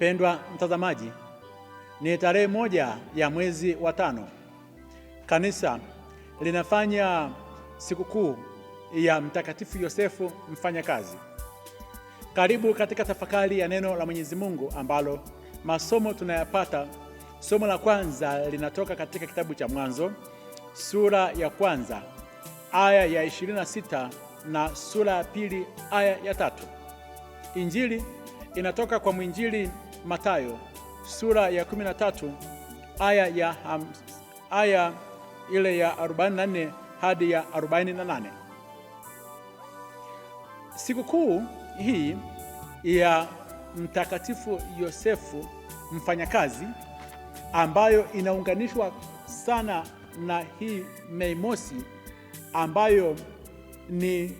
Mpendwa mtazamaji, ni tarehe moja ya mwezi wa tano, kanisa linafanya sikukuu ya Mtakatifu Yosefu mfanyakazi. Karibu katika tafakari ya neno la Mwenyezi Mungu ambalo masomo tunayapata. Somo la kwanza linatoka katika kitabu cha Mwanzo sura ya kwanza aya ya 26 na sura ya pili aya ya tatu. Injili inatoka kwa mwinjili Mathayo sura ya 13 aya ya um, aya ile ya 44 hadi ya 48. Sikukuu hii ya Mtakatifu Yosefu mfanyakazi, ambayo inaunganishwa sana na hii Mei Mosi ambayo ni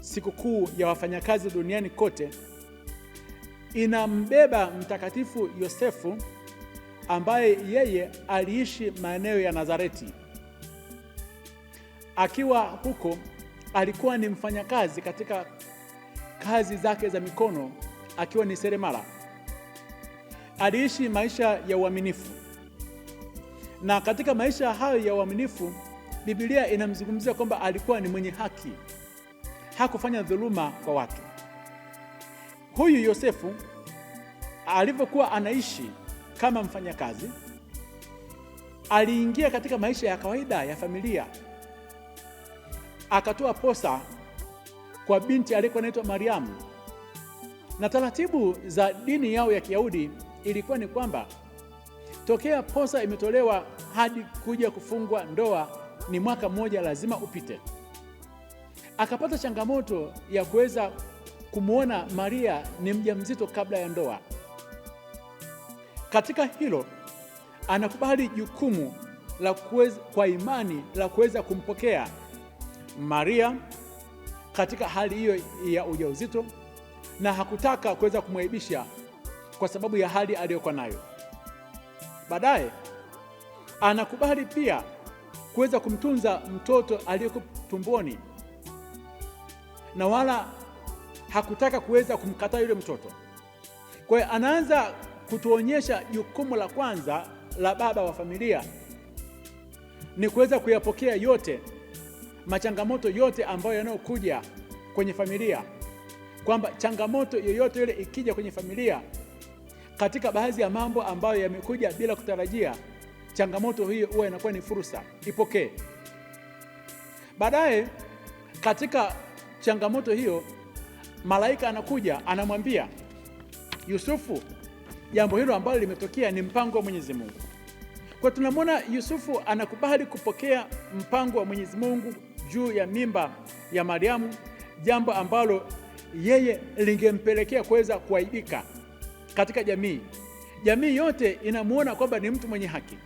sikukuu ya wafanyakazi duniani kote inambeba Mtakatifu Yosefu ambaye yeye aliishi maeneo ya Nazareti. Akiwa huko alikuwa ni mfanyakazi katika kazi zake za mikono, akiwa ni seremala. Aliishi maisha ya uaminifu, na katika maisha hayo ya uaminifu Biblia inamzungumzia kwamba alikuwa ni mwenye haki, hakufanya dhuluma kwa watu. Huyu Yosefu alivyokuwa anaishi kama mfanyakazi, aliingia katika maisha ya kawaida ya familia, akatoa posa kwa binti aliyekuwa anaitwa Mariamu, na taratibu za dini yao ya Kiyahudi ilikuwa ni kwamba tokea posa imetolewa hadi kuja kufungwa ndoa ni mwaka mmoja lazima upite. Akapata changamoto ya kuweza kumwona Maria ni mjamzito kabla ya ndoa. Katika hilo anakubali jukumu la kuweza, kwa imani la kuweza kumpokea Maria katika hali hiyo ya ujauzito, na hakutaka kuweza kumwaibisha kwa sababu ya hali aliyokuwa nayo. Baadaye anakubali pia kuweza kumtunza mtoto aliyeko tumboni na wala hakutaka kuweza kumkataa yule mtoto. Kwa hiyo anaanza kutuonyesha jukumu la kwanza la baba wa familia ni kuweza kuyapokea yote machangamoto yote ambayo yanayokuja kwenye familia, kwamba changamoto yoyote ile ikija kwenye familia, katika baadhi ya mambo ambayo yamekuja bila kutarajia, changamoto hiyo huwa inakuwa ni fursa, ipokee. Baadaye katika changamoto hiyo malaika anakuja anamwambia Yusufu, jambo hilo ambalo limetokea ni mpango wa Mwenyezi Mungu. Kwa tunamwona Yusufu anakubali kupokea mpango wa Mwenyezi Mungu juu ya mimba ya Mariamu, jambo ambalo yeye lingempelekea kuweza kuaibika katika jamii. Jamii yote inamwona kwamba ni mtu mwenye haki,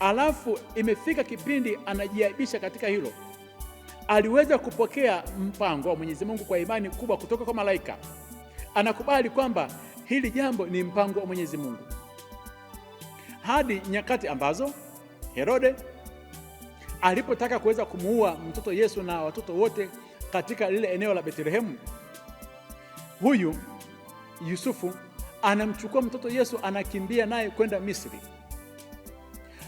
alafu imefika kipindi anajiaibisha katika hilo aliweza kupokea mpango wa Mwenyezi Mungu kwa imani kubwa kutoka kwa malaika. Anakubali kwamba hili jambo ni mpango wa Mwenyezi Mungu, hadi nyakati ambazo Herode alipotaka kuweza kumuua mtoto Yesu na watoto wote katika lile eneo la Betlehemu, huyu Yusufu anamchukua mtoto Yesu, anakimbia naye kwenda Misri.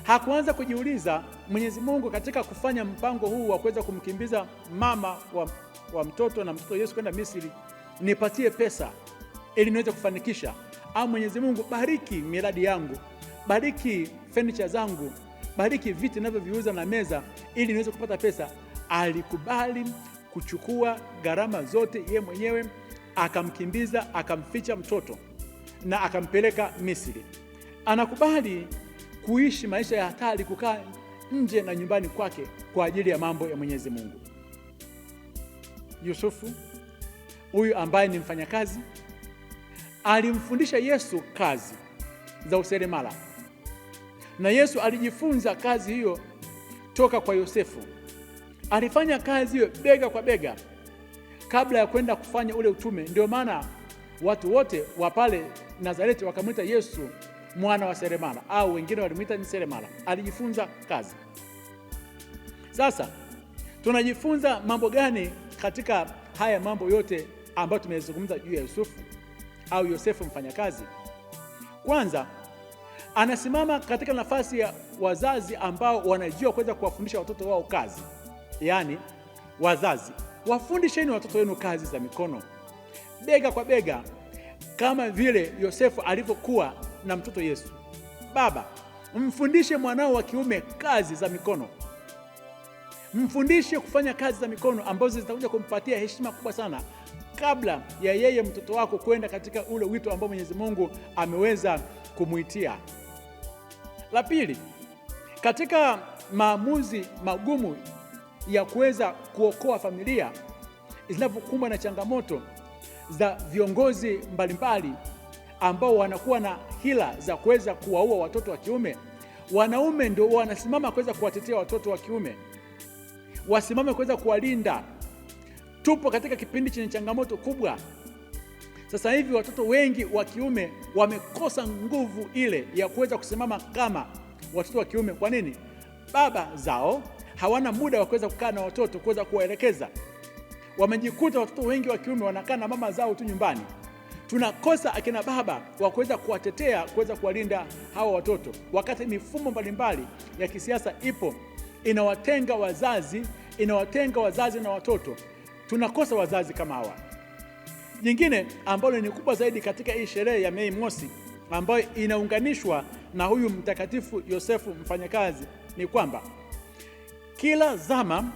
Hakuanza kujiuliza Mwenyezi Mungu katika kufanya mpango huu wa kuweza kumkimbiza mama wa, wa mtoto na mtoto Yesu kwenda Misri, nipatie pesa ili niweze kufanikisha, au Mwenyezi Mungu bariki miradi yangu, bariki fenicha zangu, bariki viti ninavyoviuza na meza ili niweze kupata pesa. Alikubali kuchukua gharama zote ye mwenyewe, akamkimbiza, akamficha mtoto na akampeleka Misri. Anakubali kuishi maisha ya hatari, kukaa nje na nyumbani kwake kwa ajili ya mambo ya Mwenyezi Mungu. Yusufu huyu ambaye ni mfanyakazi alimfundisha Yesu kazi za useremala, na Yesu alijifunza kazi hiyo toka kwa Yosefu. Alifanya kazi hiyo bega kwa bega kabla ya kwenda kufanya ule utume. Ndio maana watu wote wa pale Nazareti wakamwita Yesu mwana wa seremala au wengine walimwita ni seremala, alijifunza kazi. Sasa tunajifunza mambo gani katika haya mambo yote ambayo tumezungumza juu ya Yusufu au Yosefu mfanyakazi? Kwanza, anasimama katika nafasi ya wazazi ambao wanajua kuweza kuwafundisha watoto wao kazi. Yaani, wazazi wafundisheni watoto wenu kazi za mikono, bega kwa bega, kama vile Yosefu alivyokuwa na mtoto Yesu. Baba, mfundishe mwanao wa kiume kazi za mikono, mfundishe kufanya kazi za mikono ambazo zitakuja kumpatia heshima kubwa sana kabla ya yeye mtoto wako kwenda katika ule wito ambao Mwenyezi Mungu ameweza kumwitia. La pili, katika maamuzi magumu ya kuweza kuokoa familia zinapokumbwa na changamoto za viongozi mbalimbali ambao wanakuwa na hila za kuweza kuwaua watoto wa kiume, wanaume ndio wanasimama kuweza kuwatetea watoto wa kiume, wasimame kuweza kuwalinda. Tupo katika kipindi chenye changamoto kubwa. Sasa hivi watoto wengi wa kiume wamekosa nguvu ile ya kuweza kusimama kama watoto wa kiume. Kwa nini? Baba zao hawana muda wa kuweza kukaa na watoto kuweza kuwaelekeza, wamejikuta watoto wengi wa kiume wanakaa na mama zao tu nyumbani tunakosa akina baba wa kuweza kuwatetea, kuweza kuwalinda hawa watoto, wakati mifumo mbalimbali ya kisiasa ipo inawatenga wazazi, inawatenga wazazi na watoto. Tunakosa wazazi kama hawa. Jingine ambalo ni kubwa zaidi katika hii sherehe ya Mei Mosi ambayo inaunganishwa na huyu mtakatifu Yosefu mfanyakazi ni kwamba kila zama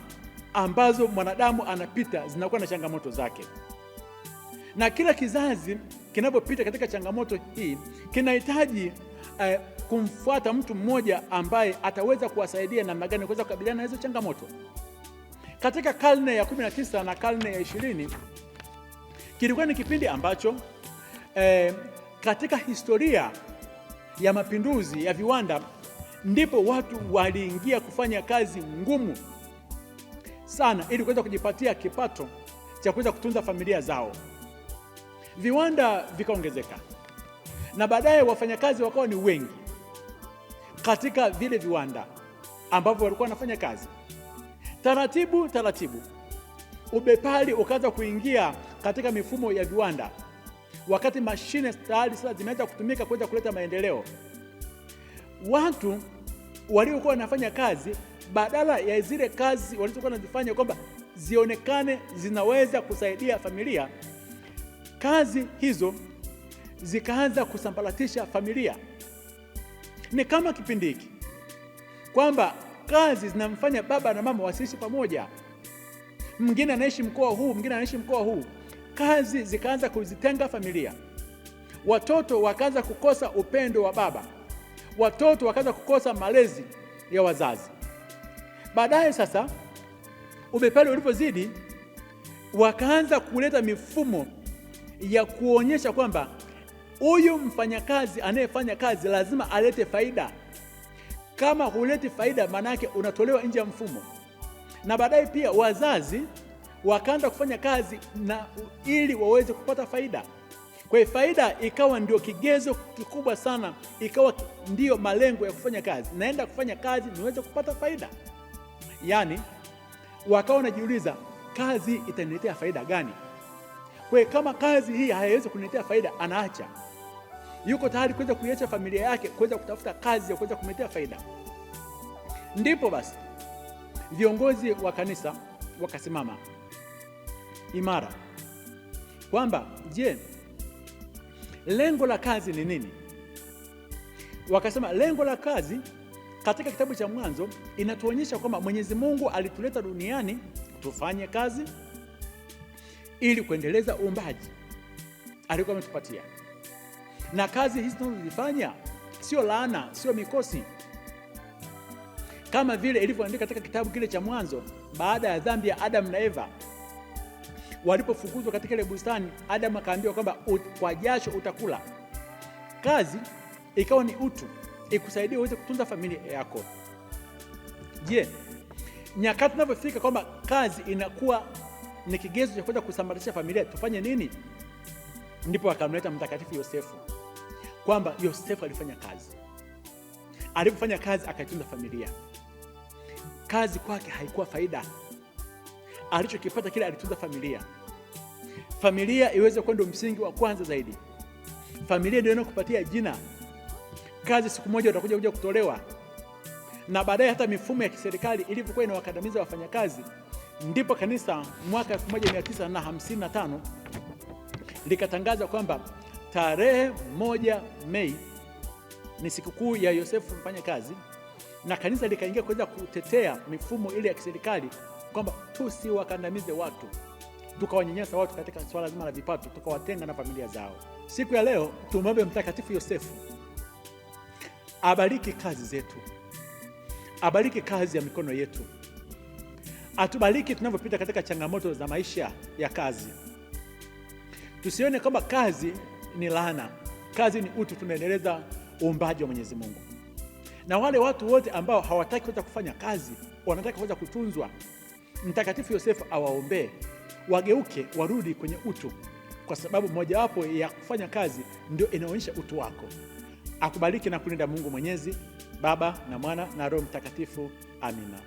ambazo mwanadamu anapita zinakuwa na changamoto zake na kila kizazi kinapopita katika changamoto hii kinahitaji eh, kumfuata mtu mmoja ambaye ataweza kuwasaidia namna gani kuweza kukabiliana na hizo changamoto. Katika karne ya 19 na karne ya 20 kilikuwa ni kipindi ambacho eh, katika historia ya mapinduzi ya viwanda ndipo watu waliingia kufanya kazi ngumu sana ili kuweza kujipatia kipato cha kuweza kutunza familia zao viwanda vikaongezeka, na baadaye wafanyakazi wakawa ni wengi katika vile viwanda ambavyo walikuwa wanafanya kazi. Taratibu taratibu, ubepari ukaanza kuingia katika mifumo ya viwanda, wakati mashine tayari sasa zimeanza kutumika kuweza kuleta maendeleo. Watu waliokuwa wanafanya kazi, badala ya zile kazi walizokuwa wanazifanya kwamba zionekane zinaweza kusaidia familia kazi hizo zikaanza kusambaratisha familia. Ni kama kipindi hiki kwamba kazi zinamfanya baba na mama wasiishi pamoja, mwingine anaishi mkoa huu, mwingine anaishi mkoa huu. Kazi zikaanza kuzitenga familia, watoto wakaanza kukosa upendo wa baba, watoto wakaanza kukosa malezi ya wazazi. Baadaye sasa ubepari ulipozidi, wakaanza kuleta mifumo ya kuonyesha kwamba huyu mfanyakazi anayefanya kazi lazima alete faida. Kama huleti faida, maana yake unatolewa nje ya mfumo. Na baadaye pia wazazi wakaanza kufanya kazi na ili waweze kupata faida. Kwa hiyo faida ikawa ndio kigezo kikubwa sana, ikawa ndiyo malengo ya kufanya kazi. Naenda kufanya kazi niweze kupata faida. Yaani wakawa wanajiuliza kazi itaniletea faida gani? Kwa hiyo kama kazi hii haiwezi kuniletea faida, anaacha. Yuko tayari kuweza kuiacha familia yake kuweza kutafuta kazi ya kuweza kumletea faida. Ndipo basi viongozi wa kanisa wakasimama imara kwamba je, lengo la kazi ni nini? Wakasema lengo la kazi katika kitabu cha Mwanzo inatuonyesha kwamba Mwenyezi Mungu alituleta duniani tufanye kazi ili kuendeleza uumbaji alikuwa ametupatia. Na kazi hizi tunazozifanya sio laana, sio mikosi, kama vile ilivyoandika katika kitabu kile cha Mwanzo, baada ya dhambi ya Adamu na Eva walipofukuzwa katika ile bustani, Adamu akaambiwa kwamba kwa jasho utakula. Kazi ikawa ni utu, ikusaidia uweze kutunza familia yako. Je, nyakati inavyofika kwamba kazi inakuwa ni kigezo cha kuweza kusambaratisha familia, tufanye nini? Ndipo akamleta mtakatifu Yosefu, kwamba Yosefu alifanya kazi, alipofanya kazi akaitunza familia. Kazi kwake haikuwa faida, alichokipata kile alitunza familia. Familia iweze kuwa ndio msingi wa kwanza zaidi, familia ndio kupatia jina. Kazi siku moja utakuja kuja kutolewa, na baadaye hata mifumo ya kiserikali ilivyokuwa inawakandamiza wafanyakazi ndipo kanisa mwaka 1955 likatangaza kwamba tarehe moja Mei ni sikukuu ya Yosefu mfanya kazi, na kanisa likaingia kuweza kutetea mifumo ile ya kiserikali kwamba tusiwakandamize watu tukawanyanyasa watu katika swala zima la vipato, tukawatenga na familia zao. Siku ya leo tumwombe Mtakatifu Yosefu abariki kazi zetu, abariki kazi ya mikono yetu atubariki tunavyopita katika changamoto za maisha ya kazi. Tusione kwamba kazi ni laana, kazi ni utu, tunaendeleza uumbaji wa Mwenyezi Mungu. Na wale watu wote ambao hawataki kuweza kufanya kazi, wanataka kuweza kutunzwa, Mtakatifu Yosefu awaombee wageuke, warudi kwenye utu, kwa sababu mojawapo ya kufanya kazi ndio inaonyesha utu wako. Akubariki na kulinda Mungu Mwenyezi, Baba na Mwana na Roho Mtakatifu. Amina.